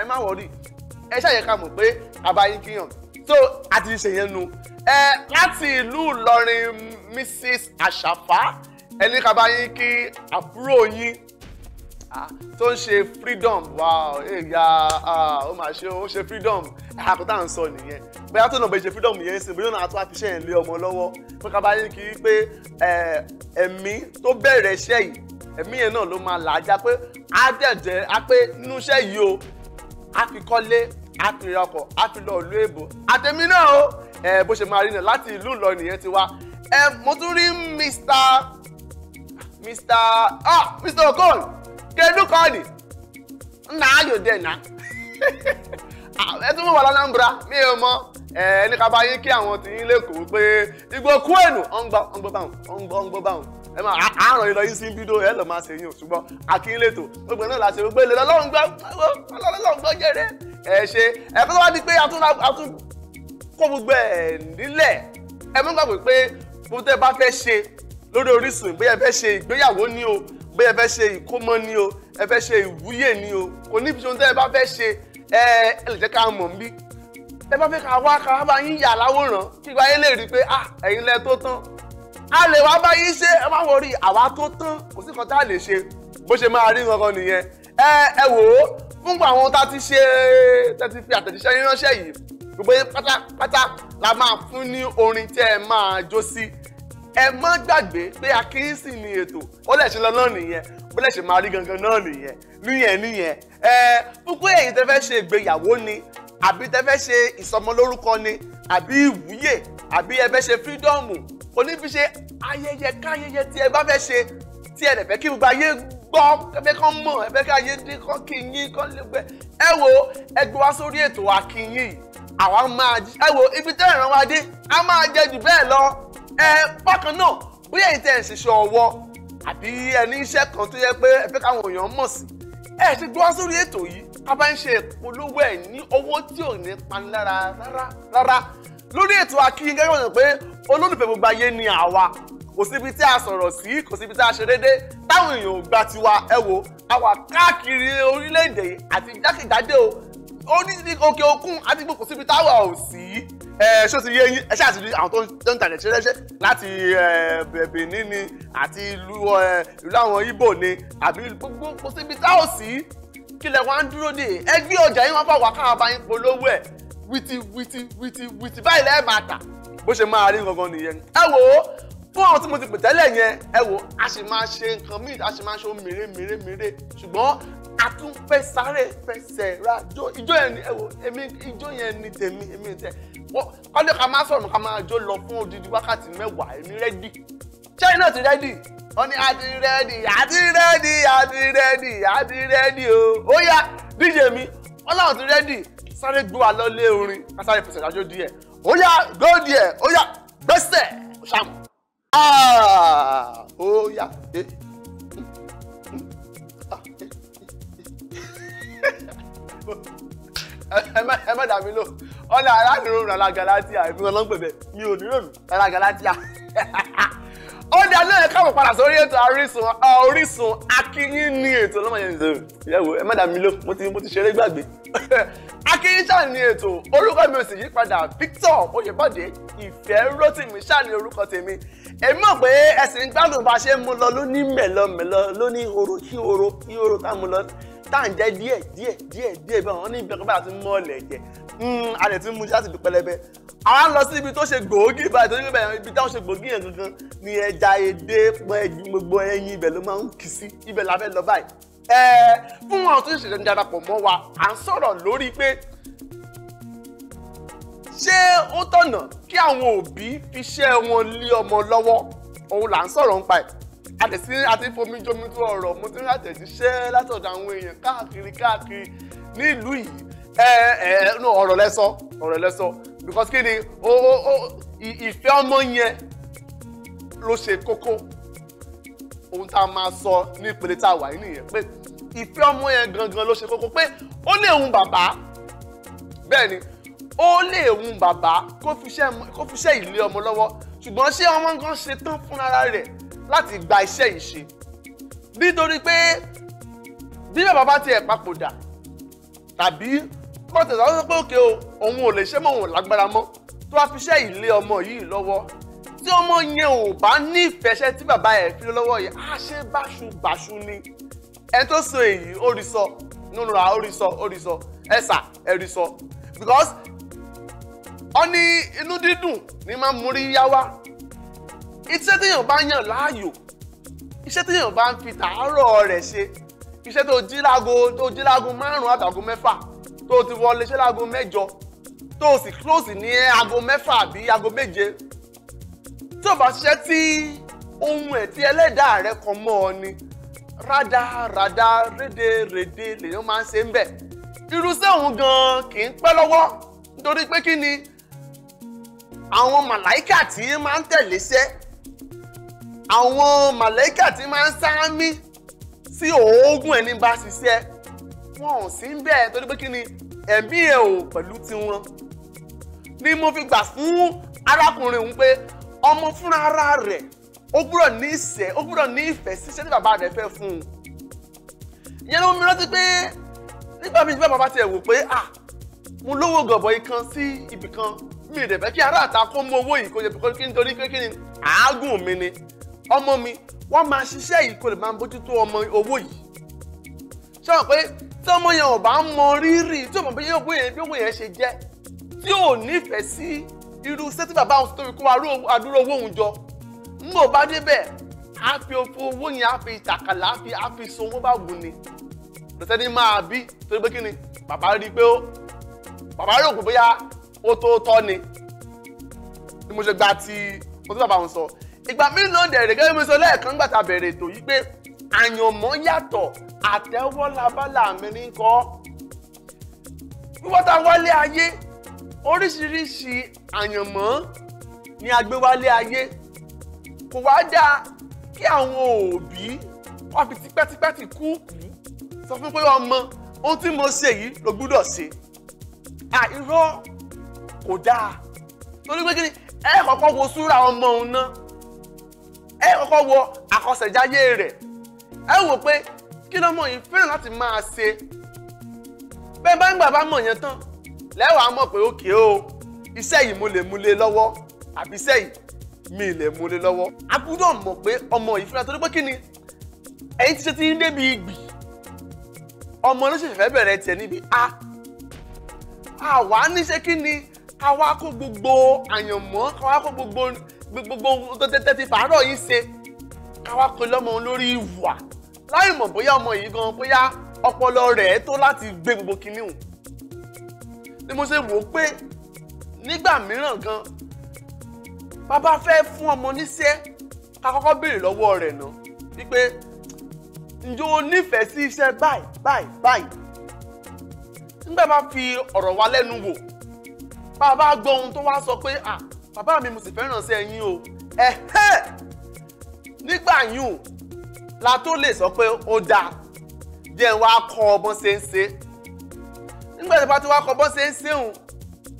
ẹ má wọ̀rí ẹ ṣàyẹ̀ká mọ̀ pé bàbá yín kíyàn so àti ṣèyẹn nu ẹ láti ìlú Ìlọrin Mrs. Àṣàfà ẹni kàbá yín kí àbúrò yín Ah, tó ń ṣe freedom wow ẹ̀yà eh, ah, ó mà ṣe ó ń ṣe freedom àkó tá à ń sọ nìyẹn bóyá tó náà bẹ ṣe freedom yẹn sìn bóyá náà a tún àfi iṣẹ́ yẹn lé ọmọ lọ́wọ́ pé ká bá yín kiri pé ẹ̀mí tó bẹ̀rẹ̀ iṣẹ́ yìí ẹ̀mí yẹn náà ló máa là á já pé á dẹ̀ jẹ́ á pé nínú iṣẹ́ yìí o á fi kọ́lé á fi ra ọkọ̀ á fi lọ ìlú èbó àtẹ̀mí náà o bó ṣe máa rí náà láti ìlú Ìlọrin yẹn ti wá mo tún rí Mr. Mr. ah Mr. Okon dey look all this nna ayo dẹ na ẹ tún mú wà lọ́nàmbra mi ò mọ ẹ ní ká bá yín kí àwọn tìyín lẹ́kọ̀ọ́ pé igbó kú ènù ọ̀ngbọ́ ọ̀ngbọ́ báwọn ọ̀ngbọ́ ọ̀ngbọ́ báwọn ẹ máa àárọ̀ ìlọ yín sí bídó ẹ lọ́ọ́ máa ṣe yín ṣùgbọ́n akínlétò gbogbo náà la ṣe gbogbo èlé lọ́lọ́ngbọ́ lọ́lọ́ngbọ́ jẹrẹ ẹ ṣe ẹ fẹ́ wá di pé atún kó gbogbo ẹ̀ nílẹ̀ ẹ mọ́ gbàgbé pé bó tẹ́ bá fẹ́ ṣe lórí Orísun ìgbéyàwó ni o bí ẹ fẹ́ ṣe ìkómọ ni o ẹ fẹ́ ṣe ìwúyè ni o kò ní ibiṣọ́ tẹ́ ẹ bá fẹ́ ṣe ẹ ẹ lè jẹ́ ká mọ̀ níbí ẹ bá fẹ́ ká wá ká bá yín yà láwòrán kí gba yín lè rí i pé ah ẹ̀yin lẹ tó tán a lè wá bá yín ṣe ẹ má wọrí àwa tó tán kò sí kan tá a lè ṣe bó ṣe máa rí gangan nìyẹn ẹ ẹ wò ó fún àwọn tá a ti ṣe tá a ti fi àtẹ̀jíṣẹ́ yín ránṣẹ́ yìí gbogbo pátápátá la máa fún ní orin tí ẹ máa jó sí ẹ má gbàgbé pé akínsì ni ètò ó lẹ̀ṣẹ̀ lọ náà nìyẹn bó lẹ̀ṣẹ̀ máa rí gangan náà nìyẹn níyẹn níyẹn ẹ púpọ̀ èyí tẹ́ fẹ́ ṣe ìgbéyàwó ni àbí tẹ́ fẹ́ ṣe ìsọmọlórúkọ ni àbí ìwúyè àbí ẹ fẹ́ ṣe fírídọ́ọ̀mù onífiṣe ayẹyẹ káyẹyẹ tí ẹ bá fẹ́ ṣe tí ẹ lè fẹ́ kí gbogbo ayé gbọ́ ẹfẹ́ kán mọ̀ ẹfẹ́ kí ayé dín kán kí yín kán lè gbẹ ẹ wo ẹ gbé wá sórí ètò Àkíìyín àwa máa ẹ wo ibi tẹ́ ìrànwá dé a máa jẹ jù bẹ́ẹ̀ lọ ẹ bákan náà bóyá èyí tẹ́ ẹ̀ ń ṣiṣẹ́ ọwọ́ àbí ẹni iṣẹ́ kan tó yẹ pé ẹ fẹ́ káwọn èèyàn mọ̀ sí ẹ ti gbọ́ sórí ètò yìí ká bá ń ṣe ìpolówó ẹ̀ ní owó tí ò ní panilára rárá rárá lórí ètò akíyín gẹ́gẹ́ wọ̀nyí pé olólùfẹ́ gbogbo ayé ni àwa kò síbi tí a sọ̀rọ̀ sí kò síbi tí a ṣe déédé táwọn èèyàn ò gba tiwa ẹ wo àwa káàkiri orílẹ̀ àti jákèjádé o ó ní òkè òkun àti gbogbo síbi táwa ò sí ẹ ṣó ti yé yín ẹ ṣáà ti di àwọn tó ń tàlẹ̀ ṣẹlẹ́ṣẹ́ láti Benin ni àti ìlú àwọn Ìgbò ni àbí gbogbo síbi táwa ò sí kílẹ̀ wá ń dúró de ẹ gbé ọjà yín wá bá wà káwọn bá yín polówó ẹ̀ wìtì wìtì wìtì wìtì báyìí lẹ́ẹ̀ máa tà bó ṣe máa rí gangan nìyẹn ẹ wò ó fún àwọn tí mo ti pè tẹ́lẹ̀ yẹn ẹ wò a sì máa ṣe nǹkan míì a sì máa ṣe mèremèremère ṣùgbọ́n àtúnfẹ́ sáré fẹsẹ̀ rajó ìjó yẹn ni ẹ̀wò èmi ìjó yẹn ni tèmi èmi tẹ ọdún ká má sọ̀rọ̀ ká máa jó lọ fún odidi wákàtí mẹ́wàá èmi rẹ́dì ṣẹ́yìn náà ti rẹ́dì wọ́n ní àti rẹ́dì àti rẹ́dì àti rẹ́dì àti rẹ́dì o ó yá díje mi wọ́n láwọn ti rẹ́dì sáré gbó wa lọ́lé orin ká sáré fẹsẹ̀ rajó díẹ̀ ó yá gbó díẹ̀ ó yá gbẹ́sẹ̀ ṣàmù ah, ó yá. Eh. ẹ má dà mí lò ọ̀nà aráàlú ràn lágàlátìá èmi kan ló ń pè bẹ́ẹ̀ mi ò ní ròmí lágàlátìá. <laughs> ó dá lóye káàbọ̀ padà sórí ètò Orísun Orísun akínyìn ní ètò ọlọ́mọdé nìyẹn ìyàwó ẹ má dà mí lò mo ti mo ti ṣeré gbàgbé. <laughs> akínyìn ṣáà ní ètò orúkọ mi ò sì yí padà Victor Oyèbọ̀dé ìfẹ́ Rótìmí ṣáà ní orúkọ tèmi èmi mọ̀ pé ẹ̀sìn gbádùn bá ṣe ń mú lọ ló ní mẹ̀lọ mẹ̀lọ ló ní horo kí horo kí horo ká mú lọ tá à ń jẹ díẹ̀ díẹ̀ díẹ̀ díẹ̀ bẹ́ẹ̀ wọ́n ní ibi ọ̀gbọ́n àti mọ́ọ̀lẹ̀ jẹ hmm, a lè ti mú iṣẹ́ àti pẹlẹbẹ àwa ń lọ sí ibi tó ṣe gbòógì báyìí torí bẹ́ẹ̀ ibi táwọn ṣe gbòógì yẹn gangan ni ẹja edé gbogbo ẹyin ibẹ̀ ló máa ń kì sí ibẹ̀ la fẹ́ lọ báyìí fún àwọn tó ṣẹ̀ṣẹ̀ darapọ̀ mọ́ wa à ń sọ̀rọ̀ lórí pé ṣé ó tọ̀nà kí àwọn òbí fi iṣẹ́ wọn lé ọmọ lọ́wọ́ òun là ń sọ̀rọ̀ nípa ẹ̀ àtẹ̀sí àti fomi jomi tó ọ̀rọ̀ mo ti ń àtẹ̀jíṣẹ́ látọ̀dọ̀ àwọn èèyàn káàkiri káàkiri ní ìlú yìí ẹ ẹ no ọ̀rọ̀ lẹ́sọ ọ̀rọ̀ lẹ́sọ because kí ni o o o ìfẹ́ ọmọ yẹn ló ṣe kókó ohun tá a máa sọ ní ìpele tá a wà yìí nìyẹn pé ìfẹ́ ọmọ yẹn gangan ló ṣe kókó pé ó lè hun bàbá bẹ́ẹ̀ ni ó lè hun bàbá kó fi iṣẹ́ ilé ọmọ lọ́wọ́ ṣùgbọ́n ṣé ọmọ gan ṣe tán fúnra rẹ̀ láti gba iṣẹ́ yìí ṣe nítorí pé bí bàbá bá tiẹ̀ papòdà tàbí kó tẹ̀sán ó sọ pé òkè o òun ò lè ṣe mọ́ òun lágbára mọ́ tó wá fi iṣẹ́ yìí lé ọmọ yìí lọ́wọ́ tí ọmọ yẹn ò bá ní ìfẹsẹ̀ tí bàbá ẹ̀ fi lọ́wọ́ yẹn á ṣe báṣubàṣu ni ẹ tó sọ èyí ó rí sọ nínú ra ó rí sọ ó rí sọ ẹ̀sà ẹ̀ rí sọ because ó ní inú dídùn ní máa ń múrí yá wá iṣẹ́ téèyàn bá yàn láàyò iṣẹ́ téèyàn bá ń fi tàárọ̀ rẹ̀ ṣe iṣẹ́ tó jí láago tó jí láago márùn-ún àtàgò mẹ́fà tó ti wọlé iṣẹ́ láago mẹ́jọ tó sì close ní aago mẹ́fà àbí aago méje tó bá ṣiṣẹ́ tí ohun ẹ̀ tí ẹlẹ́dàá rẹ̀ kọ mọ́ ọ ni rádaràdá rédèrèdè lèyàn máa ń ṣe ń bẹ̀ irúṣẹ́ òun gan-an kì í pẹ́ lọ́wọ́ nítorí pé kí ni àwọn màláìkà tí máa ń tẹ̀lé iṣẹ́ àwọn màlẹ́kà tí máa ń sáámi sí òógùn ẹni bá ṣiṣẹ́ wọn ò sí ń bẹ́ẹ̀ torí pé kí ni ẹ̀mí ẹ̀ ò pẹ̀lú tiwọn ni mo fi gbà fún arákùnrin òun pé ọmọ fúnra ara rẹ̀ ó gbúdọ̀ ní ìṣẹ́ ó gbúdọ̀ ní ìfẹ́ síṣẹ́ tí bàbá rẹ̀ fẹ́ fún un ìyẹn ló mú mi rántí pé nígbà míì bàbá tiẹ̀ wò pé à mo lówó gọ̀bọ̀ ikan sí ibìkan mi ì dẹ̀ fẹ́ kí ará àta kó mú owó yìí kó yẹ kí n torí pé kí ni àágùn mi ni ọmọ mi wọ́n máa ṣiṣẹ́ yìí kó lè máa bójútó ọmọ owó yìí ṣé wọn pé tí ọmọ yẹn ò bá mọ rírì tí ọmọ yẹn owó yẹn bí owó yẹn ṣe jẹ́ tí ò nífẹ̀ẹ́ sí irú iṣẹ́ tí bàbá òun tó fi kó adúró owó òun jọ ń bò bá débẹ̀ á fi owó yẹn á fi tàkàlà á fi á fi so owó bá wù ni lọ́sẹ̀ ní máa bí torí pé kí ni bàbá rí i pé ó bàbá rí òkú bóyá ó tó tọ́ ni ni mo ṣe gba ti mo ti bàbá òun sọ ìgbà mélòó dẹ̀rẹ̀ gẹ́gẹ́ bí mo sọ lẹ́ẹ̀kan nígbà tá a bẹ̀rẹ̀ ètò yìí pé àyànmọ́ yàtọ̀ àtẹ́wọ́ labálà mi ní kọ́ wíwọ́ta wálé ayé oríṣiríṣi àyànmọ́ ni a gbé wálé ayé kò wá dáa kí àwọn òbí wọ́n fi tipẹ́tipẹ́ ti kú sọ fún pé ọmọ ohun tí mo ṣe yìí ló gbúdọ̀ ṣe àìrọ́ kò dáa torí pé kí ni ẹ kọ́kọ́ wo súra ọmọ òun náà ẹ kọ́kọ́ wo àkọsẹ̀jáyé rẹ̀ ẹ wò pé kí lọ́mọ yìí fẹ́ràn láti máa ṣe bẹ́ẹ̀ bá ń gbà bá mọ̀ yẹn tán lẹ́wàá mọ̀ pé òkè o iṣẹ́ yìí mo lè mú lé lọ́wọ́ àbí iṣẹ́ yìí mi lè mú lé lọ́wọ́ a gbúdọ̀ mọ̀ pé ọmọ yìí fẹ́ràn torí pé kí ni ẹ̀yin ti ṣe ti ń débi ìgbì ọmọ ló ṣẹ̀ṣẹ̀ fẹ́ bẹ̀rẹ̀ tiẹ̀ níbi a àwa níṣe kí ni àwa kó gbogbo àyànmọ́ àwa kó gbogbo gbogbo ohun ti fàárọ̀ yìí ṣe káwá pe lórí ìwà láì mọ̀ bóyá ọmọ yìí gan bóyá ọpọlọ rẹ̀ tó láti gbé gbogbo kinní hù ni mo ṣe wò ó pé nígbà mìíràn gan bàbá fẹ́ fún ọmọ níṣẹ́ ká béèrè lọ́wọ́ rẹ̀ náà wípé ǹjọ́ o sí iṣẹ́ báyìí báyìí báyìí nígbà bá fi ọ̀rọ̀ wa lẹ́nu wò bàbá gbọ́ ohun tó wá sọ pé ah bàbá mi mo sì fẹ́ràn sí ẹyin o ẹ̀hẹ́ nígbà yùn la tó lè sọ pé ó dáa díẹ̀ wá kọ́ ọbọ̀n ṣe ń ṣe nígbà tí wọ́n ti wá kọ́ ọbọ̀n ṣe ń ṣe òun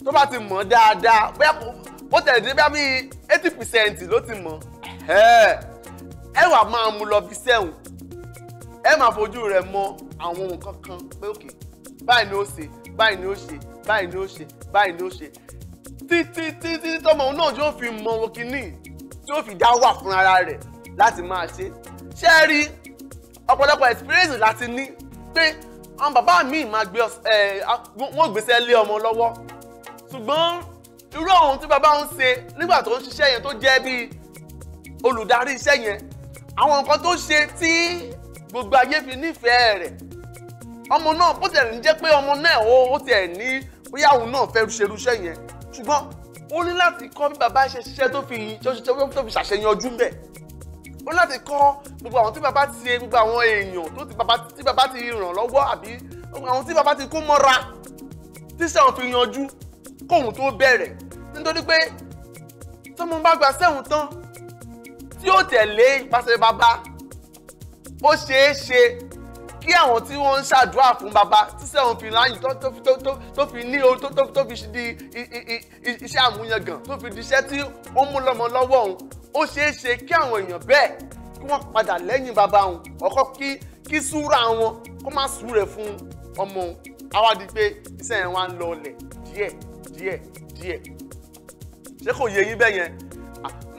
tó bá ti mọ̀ dáadáa bóyá ó tẹ̀lé dé bá bíi eighty percent ló ti mọ̀ ẹ wà máa mú lọ bí sẹ́wọ̀n ẹ máa fojú rẹ̀ mọ àwọn nǹkan kan pé òkè báyìí ni ó ṣe báyìí ni ó ṣe báyìí ni ó ṣe báyìí ni ó ṣe títí títí tọmọ náà yóò fi mọ wọn kínní tí yóò fi dá wà fún ara rẹ̀ láti máa ṣe ṣé ẹ rí ọ̀pọ̀lọpọ̀ experience láti ní pé àwọn bàbá mi máa gbé wọn gbèsè lé ọmọ lọ́wọ́ ṣùgbọ́n irú ohun tí bàbá ń ṣe nígbà tó ń ṣiṣẹ́ yẹn tó jẹ́ bíi olùdarí iṣẹ́ yẹn àwọn nǹkan tó ṣe tí gbogbo ayé fi nífẹ̀ẹ́ rẹ̀ ọmọ náà bó tẹ̀ ń jẹ́ pé ọmọ náà ó tẹ̀ ní bóyá òun náà fẹ́ ṣerú iṣẹ́ yẹn ṣùgbọ́n ó ní láti kọ́ bí bàbá ṣe ṣiṣẹ́ tó fi ṣiṣẹ́ tó fi ṣàṣeyanjú bẹ́ẹ̀ ó ní láti kọ́ gbogbo àwọn tí bàbá ti ṣe gbogbo àwọn èèyàn tó ti bàbá ti ràn lọ́wọ́ àbí àwọn tí bàbá ti kó mọ́ra tíṣẹ́ òun fi yanjú kóun tó bẹ̀rẹ̀ nítorí pé tọ́mọ bá gba sẹ́hùn tán tí ó tẹ̀lé ìpàṣẹ bàbá ó ṣeé ṣe kí àwọn tí wọ́n ń ṣàdúrà fún bàbá tí sẹ́wọ̀n fi láyìn tó fi ní ohun tó fi di iṣẹ́ àmúyangàn tó fi di iṣẹ́ tí ó mú lọ́mọ lọ́wọ́ òun ó ṣeé ṣe kí àwọn èèyàn bẹ́ẹ̀ kí wọ́n padà lẹ́yìn bàbá òun ọkọ kí kí súra wọn kó má súre fún ọmọ òun àwa di pé iṣẹ́ yẹn wá ń lọ ọlẹ̀ díẹ̀ díẹ̀ díẹ̀ ṣé kò yẹ yín bẹ́ẹ̀ yẹn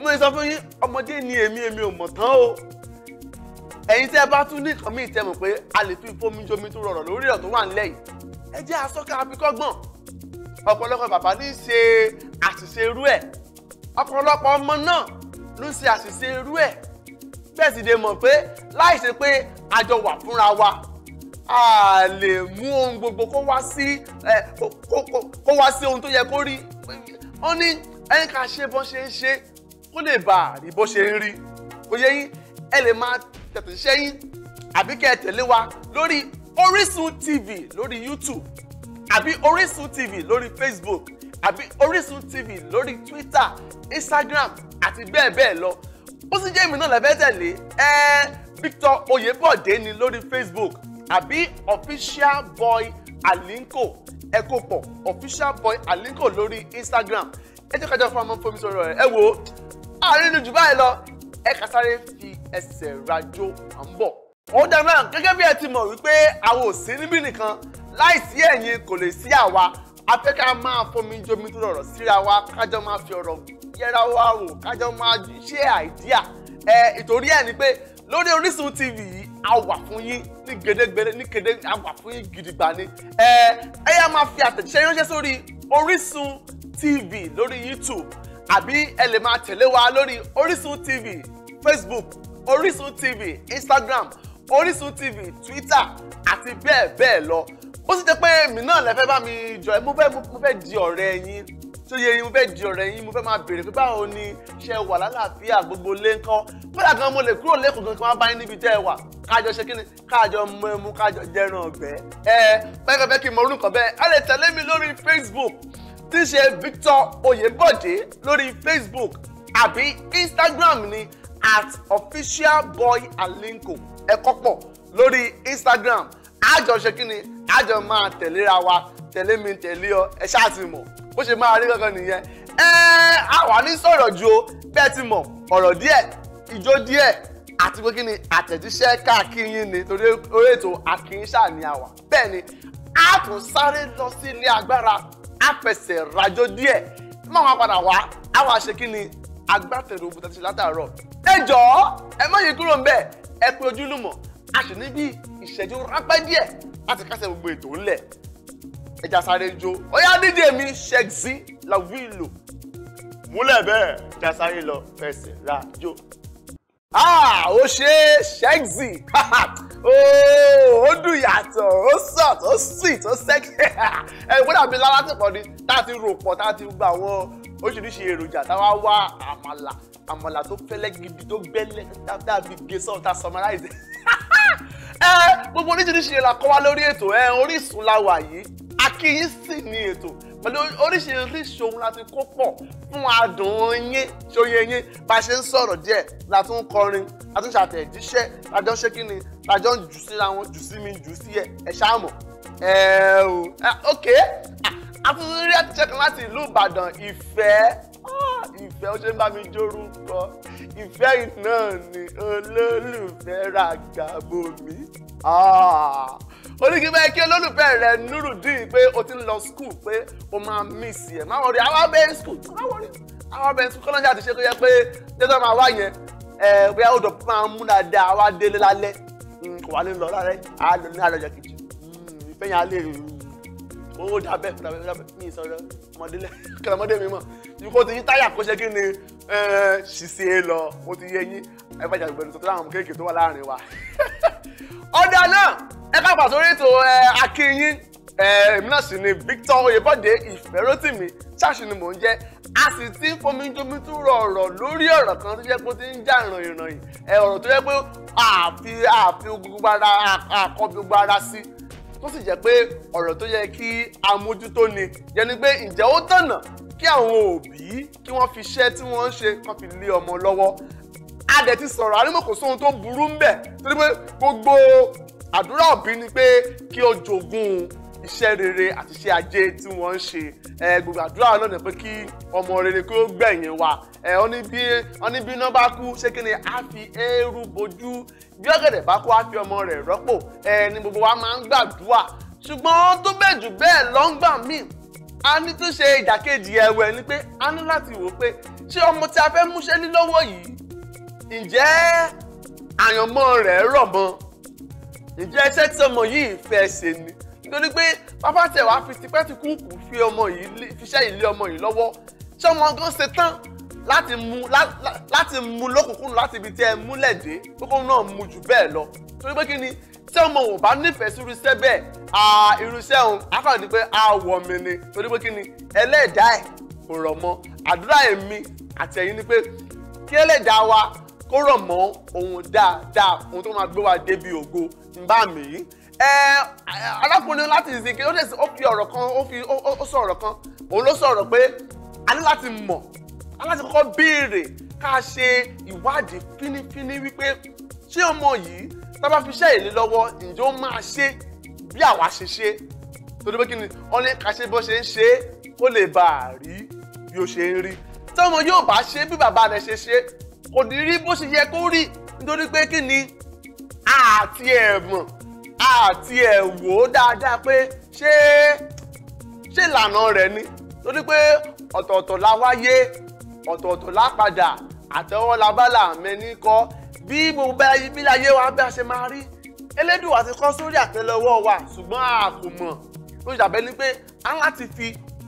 mo sọ fún yín ọmọdé ni èmi èmi ò mọ̀ tán o ẹ̀yin tẹ́ ẹ bá tún ní nǹkan míì tẹ́ mọ̀ pé a lè tún fomi jomi tún rọrọ̀ lórí ẹ̀ tó wà nílẹ̀ yìí ẹ jẹ́ asọ́kà àfikọ́gbọ̀n ọ̀pọ̀lọpọ̀ bàbá ní í ṣe àṣìṣe irú ẹ̀ ọ̀pọ̀lọpọ̀ ọmọ náà ló ń ṣe àṣìṣe irú ẹ̀ bẹ́ẹ̀ sì lè mọ̀ pé láì ṣe pé a jọ wà fúnra wa a lè mú ohun gbogbo kó wá sí ohun tó yẹ kó rí wọ́n ní ẹni ká ṣe bó ṣe ń ṣe kó lè bàa rí bó ṣe ń rí òye yín ẹ lè máa tẹ̀tẹ̀ sẹ́yìn àbí kẹ́ ẹ tẹ̀lé wa lórí Orísun TV lórí YouTube àbí Orísun TV lórí Facebook àbí Orísun TV lórí Twitter Instagram àti bẹ́ẹ̀ bẹ́ẹ̀ lọ ó sì jẹ́ èmi náà lẹ́fẹ́ tẹ̀lé ẹ Victor Oyèbọ̀dé ni lórí Facebook àbí official boy alinko ẹ kó pọ̀ official boy alinko lórí Instagram ẹ jẹ́ kájọ fún ọmọ fún mi sọ̀rọ̀ ẹ wò ó àárín ìlú jù báyìí lọ ẹ kà sáré fi ẹsẹ̀ rajó à ń bọ̀. ó dáná gẹ́gẹ́ bí ẹ ti mọ̀ wípé àwọn ò sí níbí nìkan láìsí ẹ̀yin kò lè sí àwa a ká máa fomi jomi tó rọ̀rọ̀ síra wa kájọ máa fi ọ̀rọ̀ yẹra wa wò kájọ máa ṣe àìdíà ẹ ìtorí ẹ ni pé lórí Orísun TV yìí a wà fún yín ní gèdègbèrè ní kéde a wà fún yín gidigba ni ẹ ẹ yá máa fi àtẹ̀jíṣẹ́ ránṣẹ́ sórí Orísun TV lórí YouTube àbí ẹ lè máa tẹ̀lé wa lórí Orísun TV Facebook Orísun TV Instagram Orísun TV Twitter àti bẹ́ẹ̀ bẹ́ẹ̀ lọ bó sì jẹ́ pé èmi náà lè fẹ́ bá mi jọ ẹ mo fẹ́ mo fẹ́ di ọ̀rẹ́ yín tó yẹ yín mo fẹ́ di ọ̀rẹ́ yín mo fẹ́ máa béèrè pé báwo ni ṣe wà lálàáfíà gbogbo lé ńkọ́ kódà gan mo lè kúrò lẹ́kọ̀ọ́ gan kí wọ́n bá yín níbi tẹ́ ẹ wà kájọ ṣe kíni kájọ mú ẹmu kájọ jẹran ọ̀gbẹ́ ẹ pẹ́ẹ́pẹ́ẹ́ kí n mọ orúkọ bẹ́ẹ̀ ẹ lè tẹ̀lé mi lórí Facebook tí ṣe Victor Oyebode, lórí Facebook àbí Instagram ni at officialboyalinko ẹ̀kọ́ pọ̀ lórí Instagram àjọṣe kí ni àjọ máa tẹ̀léra wa tẹ̀lé mi tẹ̀lé ọ ẹ ṣáà ti mọ̀ bó ṣe máa rí kankan nìyẹn ẹ àwa ní sọ̀rọ̀ ju o bẹ́ẹ̀ ti mọ̀ ọ̀rọ̀ díẹ̀ ìjó díẹ̀ àti pé kí ni àtẹ̀jíṣẹ́ káàkiri ni torí orí ètò àkíńṣà ni àwa bẹ́ẹ̀ ni a tún sáré lọ sí ilé agbára á fẹsẹ̀ rajò díẹ̀ tí màá wá padà wá á wá ṣe kí ni agbátẹrù òbúta ti ṣe látàárọ̀ ẹ jọ̀ọ́ ẹ má yí kúrò ńbẹ̀ ẹ pé ojúlùmọ̀ a sì ní bí ìṣẹ́jú rápẹ́ díẹ̀ láti kásẹ̀ gbogbo ètò ńlẹ̀ ẹja sáré jó ọyá dídé mi ṣẹ́gzí làwílò múlẹ̀ bẹ́ẹ̀ ẹja sáré lọ fẹsẹ̀ rajò. Ah, ó ṣe ṣẹ́gzì <laughs> ó dùn yàtọ̀ ó sọ̀t ó sweet ó sexy <laughs> ẹ gbọ́dọ̀ àbí lálátìpọ̀ ni tá a ti rò pọ̀ tá a ti gba àwọn oríṣiríṣi èròjà tá a wá wá àmàlà àmàlà tó fẹ́lẹ́ gidi tó gbẹ́lẹ́ dàbí gẹ̀ẹ́sọ̀ tá a summarize <laughs> ẹ gbogbo oríṣiríṣi yẹn la kọ́ wá lórí ètò ẹ Orísun la wà yìí akíyín sì ni ètò pẹ̀lú oríṣiríṣi ohun láti kó pọ̀ fún adùn yín ṣòye yín bá a ṣe ń sọ̀rọ̀ díẹ̀ la tún ń kọrin la tún ṣàtẹ̀jíṣẹ́ la jọ ń ṣe kí ni la jọ ń jù síra wọn jù sí mi jù sí ẹ ẹ ṣáàmù ẹ o ah, ok afúnrí ah, àtúnṣe kan láti ìlú Ìbàdàn ìfẹ́ ah, ìfẹ́ ó ṣe ń bá mi jórúkọ ìfẹ́ iná ni olólùfẹ́ ràgàbò mi. Ah oníkíbẹ̀ kí olólùfẹ́ rẹ Nurudeen pé o ti ń lọ skul pé o máa miss ẹ̀ máa wọrí àwọn abẹ́ skul àwọn abẹ́ skul kọ́lọ́jà ti ṣe kó yẹ pé dẹ́tọ́ máa wá yẹn ẹ̀ bóyá odò máa mú dáadáa wá délé lálẹ́ hmm, kò wá ní lọ lálẹ́ àlọ́ ní àlọ́jọ́ kejì hmm, ìfẹ́ yẹn á lè rú owó dábẹ́ dábẹ́ dábẹ́ mi ìsọ̀rọ̀ ọmọdélẹ̀ kẹlẹmọdé mi mọ̀ ibi kò ti yí táyà kó ṣe kí ni ṣìṣe é lọ ó ti yé yín ẹ bá jà gbẹnusọ tó láwọn kéèké tó wà láàrin wa <laughs> ọ̀dà náà ẹ ká pàṣẹ orí ètò akínyín èmi náà sì ni Victor Oyèbọ̀dé Ìfẹ́rótìmí ṣáàṣì ni mò ń jẹ́ a sì ti ń fomi jomi tún rọ ọ̀rọ̀ lórí ọ̀rọ̀ kan tó jẹ́ pé ó ti ń jà ìràn ìràn yìí ọ̀rọ̀ tó jẹ́ pé àfi àfi gbogbo ara àkọ́ gbogbo ara sí tó sì jẹ́ pé ọ̀rọ̀ tó yẹ kí amójútó ni yẹn ni pé ǹjẹ́ ó tọ̀nà kí àwọn òbí kí wọ́n fi iṣẹ́ tí wọ́n ń ṣe kán fi lé ọmọ lọ́wọ́ a dẹ̀ ti sọ̀rọ̀ àrímọ̀ kò sóhun tó burú ń bẹ̀ torí pé gbogbo àdúrà òbí ni pé kí o jogún iṣẹ́ rere àti iṣẹ́ ajé tí wọ́n ń ṣe ẹ gbogbo àdúrà náà ni pé kí ọmọ rere kí ó gbẹ̀yìn wa ẹ ó ní bí ó ní bí iná bá kú ṣé kí ni á fi eérú bojú bí ọ̀gẹ̀dẹ̀ bá kú á fi ọmọ rẹ̀ rọ́pò ẹ gbogbo wa máa ń gbàdúrà ṣùgbọ́n tó bẹ̀ jù bẹ́ẹ̀ lọ́ngbà míì a ní tún ṣe ìdàkejì ẹ̀wẹ̀ ni pé a ní láti wò pé ṣé ọmọ tí a fẹ́ múṣẹ́ ní lọ́wọ́ yìí ǹjẹ́ àyànmọ́ rẹ̀ rọ̀ mọ́ ìjẹ́ iṣẹ́ tí ọmọ yìí fẹ́ ṣe ni nítorí pé pápá tẹ̀ wá fi tipẹ́tìkúùkù fi ọmọ yìí fiṣẹ́ ìlé ọmọ yìí lọ́wọ́ ṣé ọmọ gan ṣe tán láti mú láti mú lókùnkùn láti ibi tí ẹ múlẹ̀ dé kókó náà mú jù bẹ́ẹ̀ lọ torí pé kí ni tí ọmọ ò bá nífẹ̀ẹ́ sí irúṣẹ́ bẹ́ẹ̀ à irúṣẹ́ òun akọ̀ni pé a wọ̀ mí ni torí pé kí ni ẹlẹ́dàá ẹ̀ kò rọ̀ mọ́ àdúrà èmi àti ẹ̀yin ni pé kí ẹlẹ́dàá wa kó rọ̀ mọ́ ohun dáadáa ohun tó máa gbé wa débi ògo ń bá mi. arákùnrin láti ìsìnkí ó tẹ̀sí fi ọ̀rọ̀ kan ó fi ó sọ ọ̀rọ̀ kan òun ló sọ ọ̀rọ̀ pé a ní láti mọ̀ a ní láti kọ́kọ́ béèrè ká ṣe ìwádìí fínífíní wípé ṣé ọmọ yìí tá bá fi iṣẹ́ ìlé lọ́wọ́ ǹjẹ́ ó máa ṣe bí àwa ṣe ṣe torí pé kí ni wọ́n ní ká ṣe bó ṣe ń ṣe é kó lè bàa rí bí ó ṣe ń rí tí ọmọ yóò bá ṣe bí bàbá rẹ̀ ṣe ṣe kò ní rí bó ṣe yẹ kó rí nítorí pé kí ni àti ẹ̀ mọ̀ àti ẹ̀ wò ó dáadáa pé ṣé ṣé ìlànà rẹ̀ ni torí pé ọ̀tọ̀ọ̀tọ̀ la wáyé ọ̀tọ̀ọ̀tọ̀ la padà àtẹwọ́ la bá là mẹ́ni kọ́ bí gbogbo bá yí bí láyé wa bí a ṣe máa rí elédùn àti kọ́ sórí àtẹ́lẹwọ́ wa ṣùgbọ́n a kò mọ̀ ó yàbẹ́ ni pé a láti fi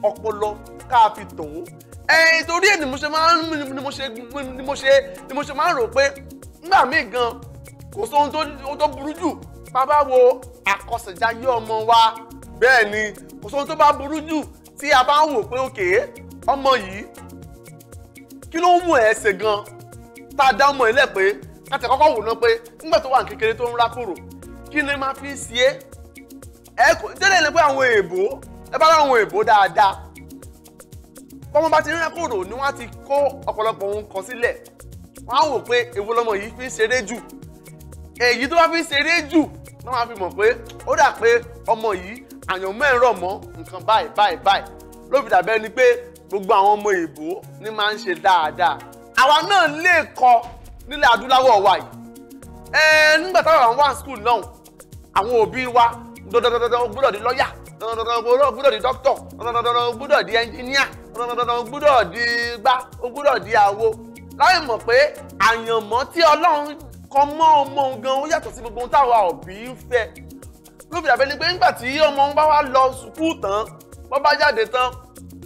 ọpọlọ ká fi tòun ẹ torí ẹ ni mo ṣe máa ń ni mo ṣe ni mo ṣe ni mo ṣe máa ń rò pé nígbà míì gan kò sóhun tó tó burú jù bàbá wo àkọsẹ̀jayé ọmọ wa bẹ́ẹ̀ ni kò sóhun tó bá burú jù tí a bá ń wò pé òkè ọmọ yìí kí ló ń mú ẹ ṣe gan tá a dá ọmọ yìí lẹ̀ pé ká tẹ̀ kọ́kọ́ wò ná pé nígbà tó wà ní kékeré tó ń rákòrò kí ni máa fi ṣe é ẹ kò délé ni pé àwọn èèbó ẹ bá láwọn èèbó dáadáa bọ́mọ bá ti rí rẹ́kọ̀dù ni wọ́n ti kó ọ̀pọ̀lọpọ̀ ohun kan sílẹ̀ wọ́n á wò pé èwo lọmọ yìí fi ń ṣeré jù èyí tó bá fi ń ṣeré jù wọ́n máa fi mọ̀ pé ó dà pé ọmọ yìí àyàn mẹ́rọ̀ mọ́ nǹkan báyìí báyìí báyìí ló fi dàbẹ́ ni pé gbogbo àwọn ọmọ èèbó ni máa ń ṣe dáadáa àwa náà lè kọ nílẹ̀ adúláwọ̀ wa yìí ẹ nígbà táwọn àwọn wà ní skul náà àwọn òbí wa dandandandan gbọ́dọ̀ di lọ́ọ̀yà dandandan gbọ́dọ̀ gbọ́dọ̀ di dókítọ̀ dandandan gbọ́dọ̀ di ẹnjíníà dandandan gbọ́dọ̀ di gbá gbọ́dọ̀ di àwo láì mọ̀ pé àyànmọ́ tí ọlọ́run kọ mọ́ ọmọ òun gan ó yàtọ̀ sí gbogbo ohun táwa òbí ń fẹ́ ló fi dàbẹ́ ni pé nígbà tí ọmọ ń bá wa lọ sùkúù tán wọ́n bá jáde tán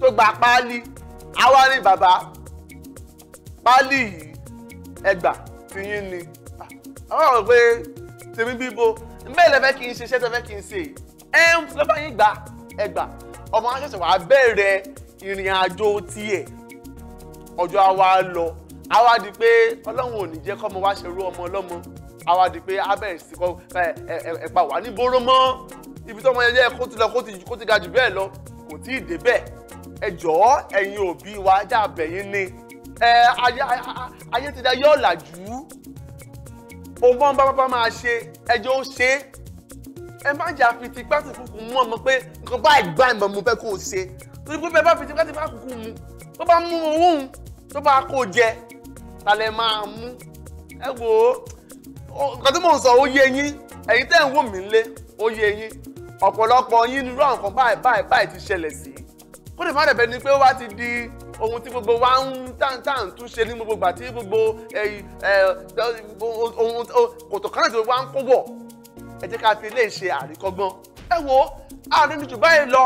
tó gba páálí àwa ni bàbá páálí yìí ẹgbà tiyín ni àwọn ọ̀rọ̀ pé tèmi bíbo mbẹ́ẹ̀lẹ́fẹ́ kí n ṣiṣẹ́ tẹ́fẹ́ kí n ṣe yìí ẹ ń lọ́ba yín gbà ẹ gbà ọmọ aṣẹ̀ṣẹ̀ wàá bẹ̀rẹ̀ ìrìn àjò tiẹ̀ ọjọ́ àwa lọ àwa di pé ọlọ́run ò ní jẹ́ kọ́mọ wá ṣerú ọmọ ọlọ́mọ àwa di pé abẹ́rẹ́ sí kọ́ ẹ ẹ ẹ pa wà ní bóró mọ́ ibi tó ọmọ yẹn yẹ kó ti lọ kó ti ga jù bẹ́ẹ̀ lọ kò tí ì dé bẹ́ẹ̀ ẹ jọ̀ọ́ ẹ̀yin òbí wa ajá àbẹ̀yìn ni ẹ ayé ti da yọ̀ ọ̀làjú ohun bá bá bá máa ṣe ẹjọ́ ó ṣe é ẹ má jà fi ti pátì kúkú mú ọmọ pé nǹkan báyìí báyìí mọ̀ mo fẹ́ kó o ṣe torí pé bẹ́ẹ̀ bá fi ti pátì kúkú mu tó bá mú owó òun tó bá kó jẹ talẹ̀ máa mú ẹ wò ó nǹkan tí mò ń sọ ó yé yín ẹ̀yin tẹ́ ń wò mí lé ó yé yín ọ̀pọ̀lọpọ̀ yín nírú àwọn kan báyìí báyìí báyìí ti ṣẹlẹ̀ sí kó lè má rẹ̀ bẹ́ẹ̀ ni pé ó wá ti di ohun tí gbogbo wa ń tàǹtàǹ tún ṣe ní gbogbo ìgbà tí gbogbo ohun kòtò kan náà ti wá ń kó wọ̀ ẹ jẹ́ ká fi ilé ṣe àríkọ́gbọ́n ẹ wo àárín jù báyìí lọ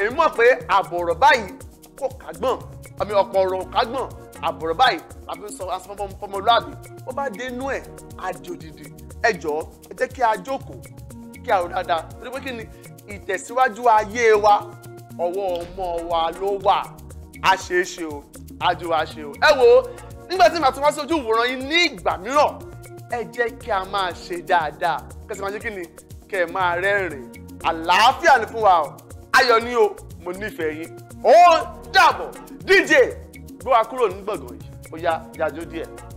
èmi mọ̀ pé àbọ̀rọ̀ báyìí kò kágbọ̀n àmì ọ̀pọ̀ ọ̀rọ̀ kágbọ̀n àbọ̀rọ̀ báyìí àbí sọ asọ́mọ́ fọmọlúàbí ó bá dé inú ẹ̀ àdì òdìdì ẹ jọ̀ọ́ ẹ jẹ́ kí a jókòó kí a rò dáadáa torí pé kí ni ìtẹ̀síwájú ayé wa ọwọ́ ọmọ wa ló wà á ṣeé ṣe o àjò wa ṣe o ẹ wo nígbà tí màá tún wá sí ojú ìwòran yìí ní ìgbà mìíràn ẹ jẹ́ kí a máa ṣe dáadáa kẹsì máa ṣe kí ni kẹ́ ẹ máa rẹ́rìn àlàáfíà ni fún wa o ayọ̀ ni o mo nífẹ̀ẹ́ yín ó dàbọ̀ DJ gbé wa kúrò ní gbọ̀ngàn yìí ó yá yájó díẹ̀.